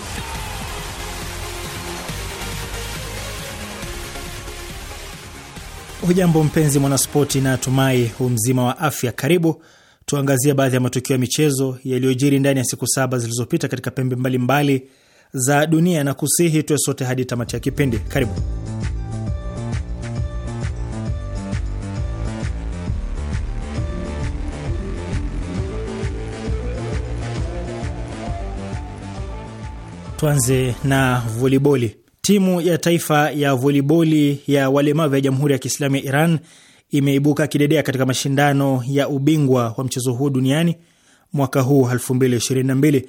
Hujambo mpenzi mwanaspoti, na tumai umzima wa afya. Karibu tuangazie baadhi ya matukio ya michezo yaliyojiri ndani ya siku saba zilizopita katika pembe mbalimbali mbali za dunia, na kusihi tuwe sote hadi tamati ya kipindi. Karibu. Tuanze na voliboli. Timu ya taifa ya voliboli ya walemavu ya Jamhuri ya Kiislamu ya Iran imeibuka kidedea katika mashindano ya ubingwa wa mchezo huu duniani mwaka huu 2022.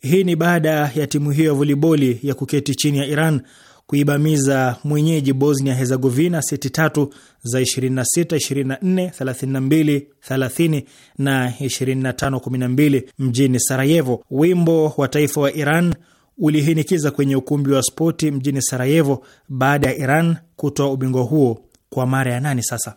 Hii ni baada ya timu hiyo ya voliboli ya kuketi chini ya Iran kuibamiza mwenyeji Bosnia Herzegovina seti tatu za 26 24 32 30 na 25 12 mjini Sarajevo. Wimbo wa taifa wa Iran ulihinikiza kwenye ukumbi wa spoti mjini Sarajevo baada ya Iran kutoa ubingwa huo kwa mara ya nane sasa.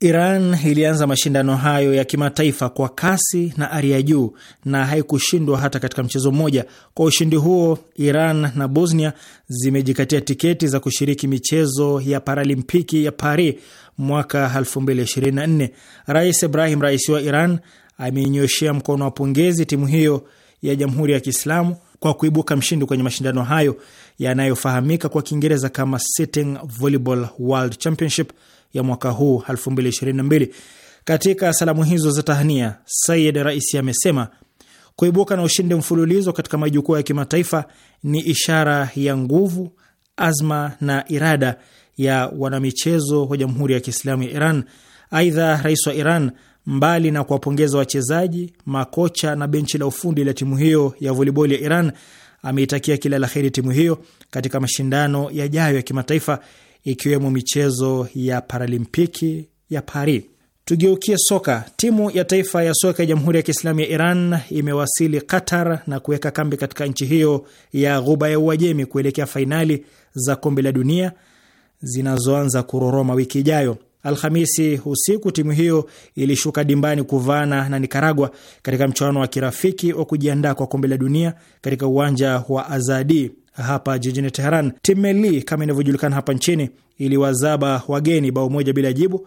Iran ilianza mashindano hayo ya kimataifa kwa kasi na ari ya juu na haikushindwa hata katika mchezo mmoja. Kwa ushindi huo, Iran na Bosnia zimejikatia tiketi za kushiriki michezo ya Paralimpiki ya Paris mwaka 2024. Rais Ibrahim Raisi wa Iran ameinyoshea mkono wa pongezi timu hiyo ya Jamhuri ya Kiislamu kwa kuibuka mshindi kwenye mashindano hayo yanayofahamika kwa Kiingereza kama Sitting Volleyball World Championship ya mwaka huu 2022. Katika salamu hizo za tahania, Sayid Raisi amesema kuibuka na ushindi mfululizo katika majukwaa ya kimataifa ni ishara ya nguvu, azma na irada ya wanamichezo wa Jamhuri ya Kiislamu ya Iran. Aidha, rais wa Iran, mbali na kuwapongeza wachezaji, makocha na benchi la ufundi la timu hiyo ya volleyball ya Iran, ameitakia kila la heri timu hiyo katika mashindano yajayo ya kimataifa ikiwemo michezo ya Paralimpiki ya Paris. Tugeukie soka. Timu ya taifa ya soka ya Jamhuri ya Kiislamu ya Iran imewasili Qatar na kuweka kambi katika nchi hiyo ya Ghuba ya Uajemi kuelekea fainali za kombe la dunia zinazoanza kuroroma wiki ijayo. Alhamisi usiku timu hiyo ilishuka dimbani kuvaana na Nikaragua katika mchuano wa kirafiki wa kujiandaa kwa kombe la dunia katika uwanja wa Azadi hapa jijini Teheran. Timu Meli, kama inavyojulikana hapa nchini, iliwazaba wageni bao moja bila jibu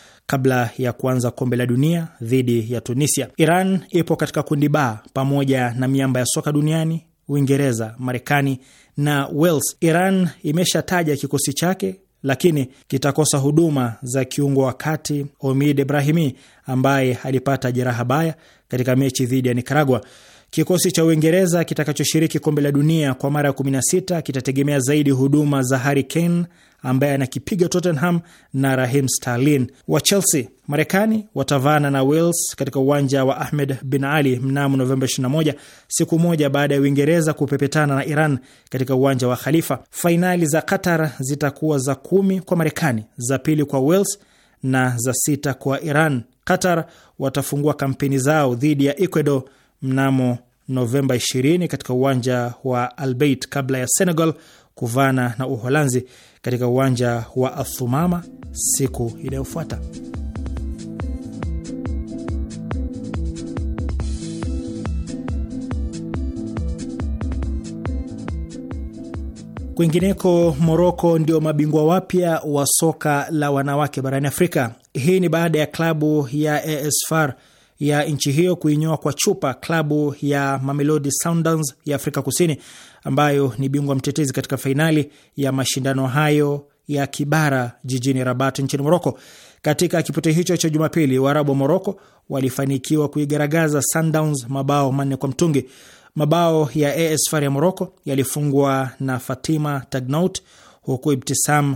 kabla ya kuanza kombe la dunia dhidi ya Tunisia. Iran ipo katika kundi ba pamoja na miamba ya soka duniani Uingereza, Marekani na Wales. Iran imeshataja kikosi chake lakini kitakosa huduma za kiungo wa kati Omid Brahimi ambaye alipata jeraha baya katika mechi dhidi ya nikaragua Kikosi cha Uingereza kitakachoshiriki kombe la dunia kwa mara ya 16 kitategemea zaidi huduma za Harry Kane ambaye anakipiga Tottenham na Raheem Sterling wa Chelsea. Marekani watavana na Wales katika uwanja wa Ahmed Bin Ali mnamo Novemba 21, siku moja baada ya Uingereza kupepetana na Iran katika uwanja wa Khalifa. Fainali za Qatar zitakuwa za kumi kwa Marekani, za pili kwa Wales na za sita kwa Iran. Qatar watafungua kampeni zao dhidi ya Ecuador mnamo Novemba 20 katika uwanja wa Albeit kabla ya Senegal kuvana na Uholanzi katika uwanja wa Athumama siku inayofuata. Kwingineko, Moroko ndio mabingwa wapya wa soka la wanawake barani Afrika. Hii ni baada ya klabu ya AS FAR ya nchi hiyo kuinyoa kwa chupa klabu ya Mamelodi Sundowns ya Afrika Kusini ambayo ni bingwa mtetezi katika fainali ya mashindano hayo ya kibara jijini Rabat nchini Moroko. Katika kipute hicho cha Jumapili, Waarabu wa Moroko walifanikiwa kuigaragaza Sundowns mabao manne kwa mtungi. Mabao ya AS Far ya Moroko yalifungwa na Fatima Tagnout huku Ibtisam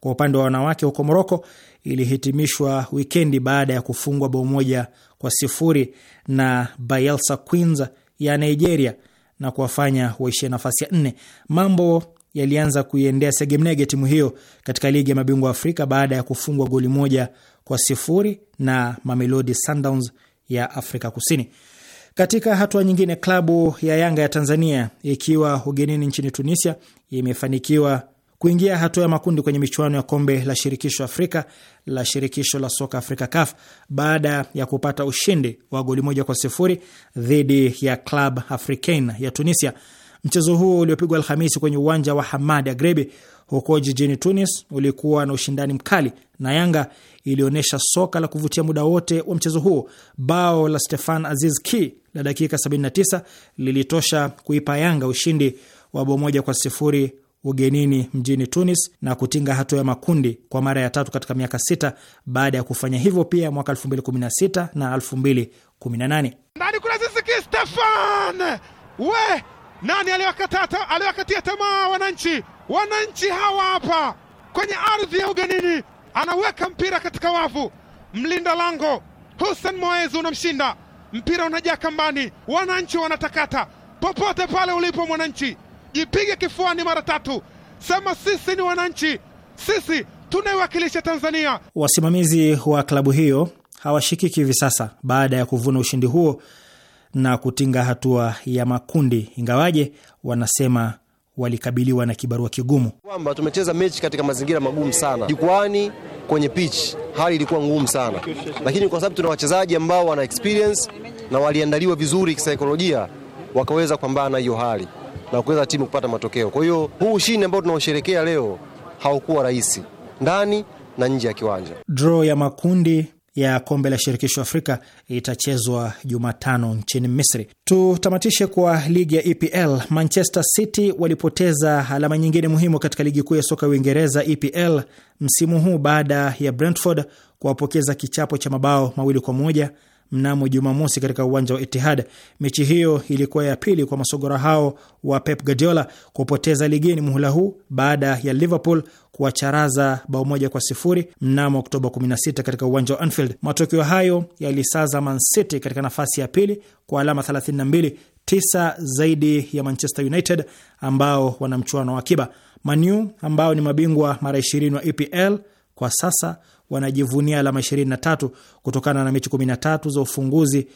Kwa upande wa wanawake huko Moroko ilihitimishwa wikendi baada ya kufungwa bao moja kwa sifuri na Bayelsa Queens ya Nigeria na kuwafanya waishie nafasi ya nne. Mambo yalianza kuiendea segemnege timu hiyo katika ligi ya mabingwa Afrika baada ya kufungwa goli moja kwa sifuri na Mamelodi Sundowns ya Afrika Kusini. Katika hatua nyingine, klabu ya Yanga ya Tanzania ikiwa ugenini nchini Tunisia imefanikiwa kuingia hatua ya makundi kwenye michuano ya kombe la shirikisho Afrika la shirikisho la soka Afrika CAF baada ya kupata ushindi wa goli moja kwa sifuri dhidi ya Club Africain ya Tunisia. Mchezo huo uliopigwa Alhamisi kwenye uwanja wa Hamad Agrebi huko jijini Tunis ulikuwa na ushindani mkali na Yanga ilionyesha soka la kuvutia muda wote wa mchezo huo. Bao la Stefan Aziz Ki la dakika 79 lilitosha kuipa Yanga ushindi wa bao moja kwa sifuri ugenini mjini Tunis na kutinga hatua ya makundi kwa mara ya tatu katika miaka sita baada ya kufanya hivyo pia mwaka 2016 na 2018. Ndani kuna Ziziki Stefan we nani aliwakatia tamaa wananchi? Wananchi hawa hapa kwenye ardhi ya ugenini, anaweka mpira katika wavu, mlinda lango Hussein Moezi unamshinda mpira, unajaa kambani, wananchi wanatakata popote pale ulipo mwananchi jipige kifuani mara tatu, sema sisi ni wananchi, sisi tunaiwakilisha Tanzania. Wasimamizi wa klabu hiyo hawashikiki hivi sasa baada ya kuvuna ushindi huo na kutinga hatua ya makundi, ingawaje wanasema walikabiliwa na kibarua kigumu, kwamba tumecheza mechi katika mazingira magumu sana, jukwani, kwenye pitch, hali ilikuwa ngumu sana, lakini kwa sababu tuna wachezaji ambao wana experience na waliandaliwa vizuri kisaikolojia, wakaweza kupambana na hiyo hali na kuweza timu kupata matokeo. Kwa hiyo huu ushindi ambao tunaosherekea leo haukuwa rahisi ndani na nje ya kiwanja. Draw ya makundi ya kombe la shirikisho Afrika itachezwa Jumatano nchini Misri. Tutamatishe kwa ligi ya EPL. Manchester City walipoteza alama nyingine muhimu katika ligi kuu ya soka ya Uingereza, EPL, msimu huu baada ya Brentford kuwapokeza kichapo cha mabao mawili kwa moja mnamo Jumamosi katika uwanja wa Itihad. Mechi hiyo ilikuwa ya pili kwa masogora hao wa Pep Guardiola kupoteza ligeni muhula huu baada ya Liverpool kuwacharaza bao moja kwa sifuri mnamo Oktoba 16 katika uwanja wa Anfield. Matokeo hayo yalisaza Man City katika nafasi ya pili kwa alama 32, tisa zaidi ya Manchester United ambao wana mchuano wa akiba. Manu ambao ni mabingwa mara 20 wa EPL kwa sasa wanajivunia alama 23 kutokana na mechi 13 za ufunguzi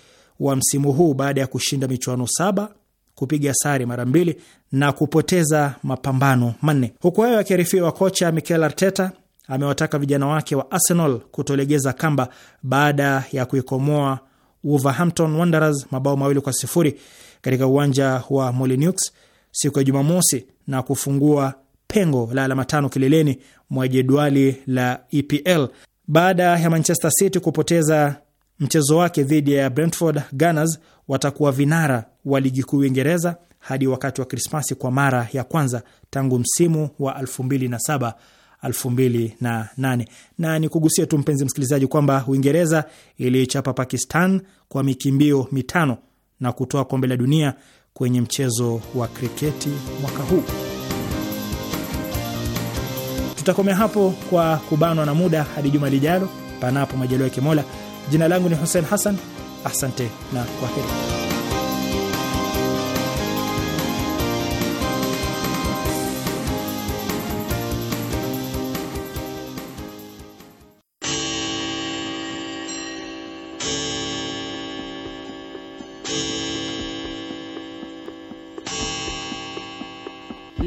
wa msimu huu baada ya kushinda michuano saba kupiga sare mara mbili na kupoteza mapambano manne. Huku hayo akiarifiwa, kocha Mikel Arteta amewataka vijana wake wa Arsenal kutolegeza kamba baada ya kuikomoa Wolverhampton Wanderers mabao mawili kwa sifuri katika uwanja wa Molineux siku ya Jumamosi na kufungua pengo la alama tano kileleni mwa jedwali la EPL baada ya Manchester City kupoteza mchezo wake dhidi ya Brentford. Gunners watakuwa vinara wa ligi kuu Uingereza hadi wakati wa Krismasi kwa mara ya kwanza tangu msimu wa 2007 2008. Na ni kugusia tu mpenzi msikilizaji, kwamba Uingereza iliichapa Pakistan kwa mikimbio mitano na kutoa kombe la dunia kwenye mchezo wa kriketi mwaka huu. Tutakomea hapo kwa kubanwa na muda hadi juma lijalo, panapo majaliwa yake Mola. Jina langu ni Hussein Hassan, asante na kwa heri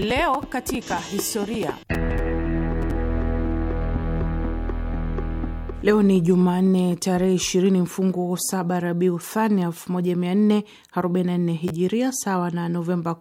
Leo katika historia Leo ni Jumanne tarehe ishirini mfungu saba Rabiu Thani 1444 hijiria sawa na Novemba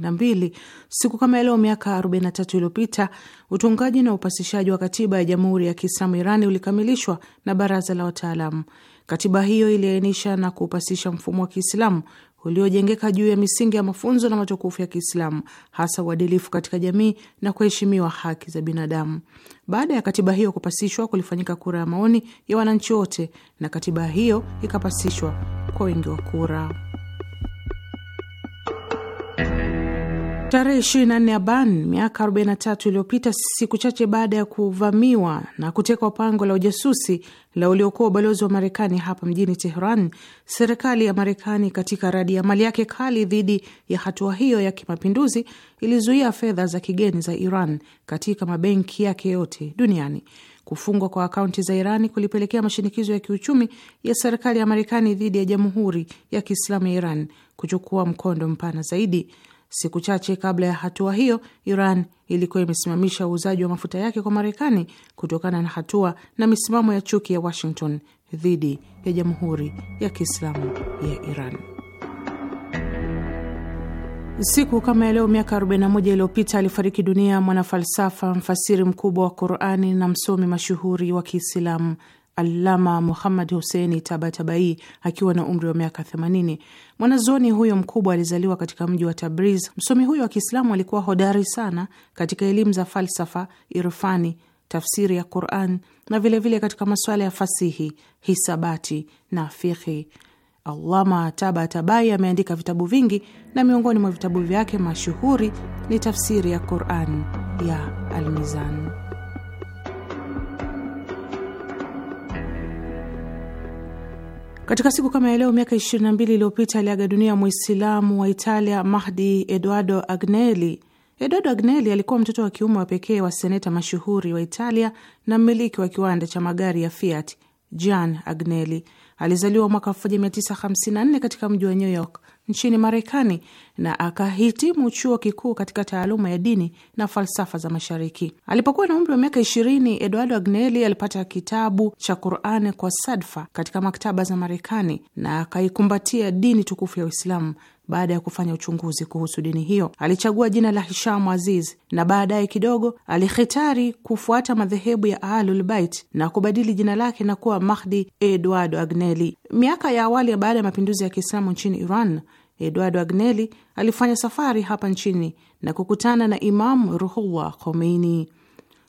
na mbili. Siku kama leo miaka 43 iliyopita utungaji na upasishaji wa katiba ya Jamhuri ya Kiislamu Irani ulikamilishwa na baraza la wataalamu. Katiba hiyo iliainisha na kuupasisha mfumo wa Kiislamu uliojengeka juu ya misingi ya mafunzo na matukufu ya Kiislamu, hasa uadilifu katika jamii na kuheshimiwa haki za binadamu. Baada ya katiba hiyo kupasishwa, kulifanyika kura ya maoni ya wananchi wote, na katiba hiyo ikapasishwa kwa wingi wa kura. Tarehe 24 Aban miaka 43 iliyopita, siku chache baada ya kuvamiwa na kutekwa pango la ujasusi la uliokuwa ubalozi wa Marekani hapa mjini Tehran, serikali ya Marekani katika radi ya mali yake kali dhidi ya hatua hiyo ya kimapinduzi ilizuia fedha za kigeni za Iran katika mabenki yake yote duniani. Kufungwa kwa akaunti za Irani kulipelekea mashinikizo ya kiuchumi ya serikali ya Marekani dhidi ya Jamhuri ya Kiislamu ya Iran kuchukua mkondo mpana zaidi. Siku chache kabla ya hatua hiyo, Iran ilikuwa imesimamisha uuzaji wa mafuta yake kwa Marekani kutokana na hatua na misimamo ya chuki ya Washington dhidi ya Jamhuri ya Kiislamu ya Iran. Siku kama leo miaka 41 iliyopita alifariki dunia mwanafalsafa, mfasiri mkubwa wa Qurani na msomi mashuhuri wa Kiislamu Allama Muhammad Huseni Tabatabai akiwa na umri wa miaka 80. Mwanazoni huyo mkubwa alizaliwa katika mji wa Tabriz. Msomi huyo wa Kiislamu alikuwa hodari sana katika elimu za falsafa, irfani, tafsiri ya Quran na vilevile vile katika masuala ya fasihi, hisabati na fikhi. Alama Tabatabai ameandika vitabu vingi na miongoni mwa vitabu vyake mashuhuri ni tafsiri ya Quran ya Almizan. Katika siku kama ya leo miaka 22 iliyopita aliaga dunia Mwislamu wa Italia Mahdi Eduardo Agnelli. Eduardo Agnelli alikuwa mtoto wa kiume wa pekee wa seneta mashuhuri wa Italia na mmiliki wa kiwanda cha magari ya Fiat Gian Agnelli. Alizaliwa mwaka 1954 katika mji wa New York nchini Marekani na akahitimu chuo kikuu katika taaluma ya dini na falsafa za Mashariki. Alipokuwa na umri wa miaka ishirini, Eduardo Agnelli alipata kitabu cha Qurani kwa sadfa katika maktaba za Marekani na akaikumbatia dini tukufu ya Uislamu baada ya kufanya uchunguzi kuhusu dini hiyo. Alichagua jina la Hishamu Aziz na baadaye kidogo alihitari kufuata madhehebu ya bait na kubadili jina lake na kuwa Mahdi Eduardo Agnelli. Miaka ya awali ya baada ya mapinduzi ya Kiislamu nchini Iran, Eduardo Agnelli alifanya safari hapa nchini na kukutana na Imam Ruhullah Khomeini.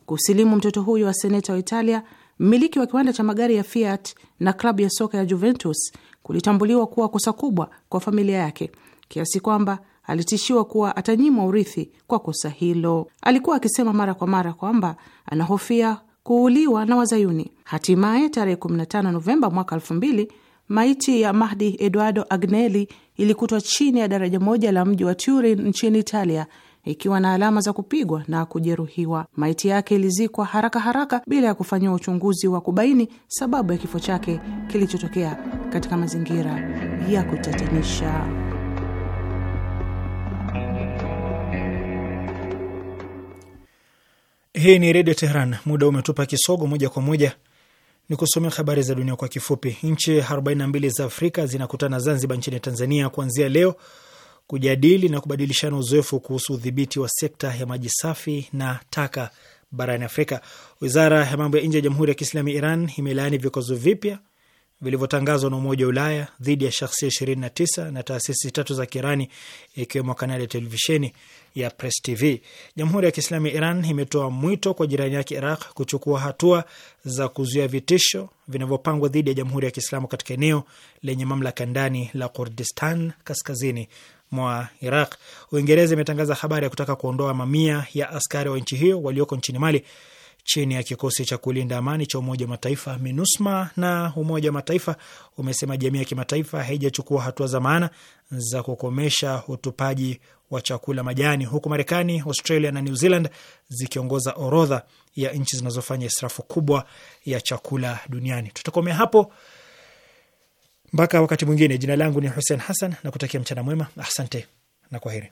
Kusilimu mtoto huyo wa seneta wa Italia, mmiliki wa kiwanda cha magari ya Fiat na klabu ya soka ya Juventus kulitambuliwa kuwa kosa kubwa kwa familia yake kiasi kwamba alitishiwa kuwa atanyimwa urithi kwa kosa hilo. Alikuwa akisema mara kwa mara kwamba anahofia kuuliwa na Wazayuni. Hatimaye tarehe 15 Novemba mwaka 2000 maiti ya Mahdi Eduardo Agnelli ilikutwa chini ya daraja moja la mji wa Turin nchini Italia ikiwa na alama za kupigwa na kujeruhiwa. Maiti yake ilizikwa haraka haraka bila ya kufanyiwa uchunguzi wa kubaini sababu ya kifo chake kilichotokea katika mazingira ya kutatanisha. Hii ni Redio Tehran. Muda umetupa kisogo, moja kwa moja ni kusomea habari za dunia kwa kifupi. Nchi 42 za Afrika zinakutana Zanzibar nchini Tanzania kuanzia leo kujadili na kubadilishana uzoefu kuhusu udhibiti wa sekta ya maji safi na taka barani Afrika. Wizara ya mambo ya nje ya Jamhuri ya Kiislamu ya Iran imelaani vikwazo vipya vilivyotangazwa na Umoja wa Ulaya dhidi ya shahsia 29 na taasisi tatu za Kirani ikiwemo kanali ya televisheni ya Press TV. Jamhuri ya Kiislamu ya Iran imetoa mwito kwa jirani yake Iraq kuchukua hatua za kuzuia vitisho vinavyopangwa dhidi ya Jamhuri ya Kiislamu katika eneo lenye mamlaka ndani la Kurdistan kaskazini mwa Iraq. Uingereza imetangaza habari ya kutaka kuondoa mamia ya askari wa nchi hiyo walioko nchini Mali chini ya kikosi cha kulinda amani cha Umoja wa Mataifa MINUSMA. Na Umoja wa Mataifa umesema jamii ya kimataifa haijachukua hatua za maana za kukomesha utupaji wa chakula majani, huku Marekani, Australia na New Zealand zikiongoza orodha ya nchi zinazofanya israfu kubwa ya chakula duniani. Tutakomea hapo mpaka wakati mwingine. Jina langu ni Hussein Hassan na kutakia mchana mwema. Asante na kwaheri.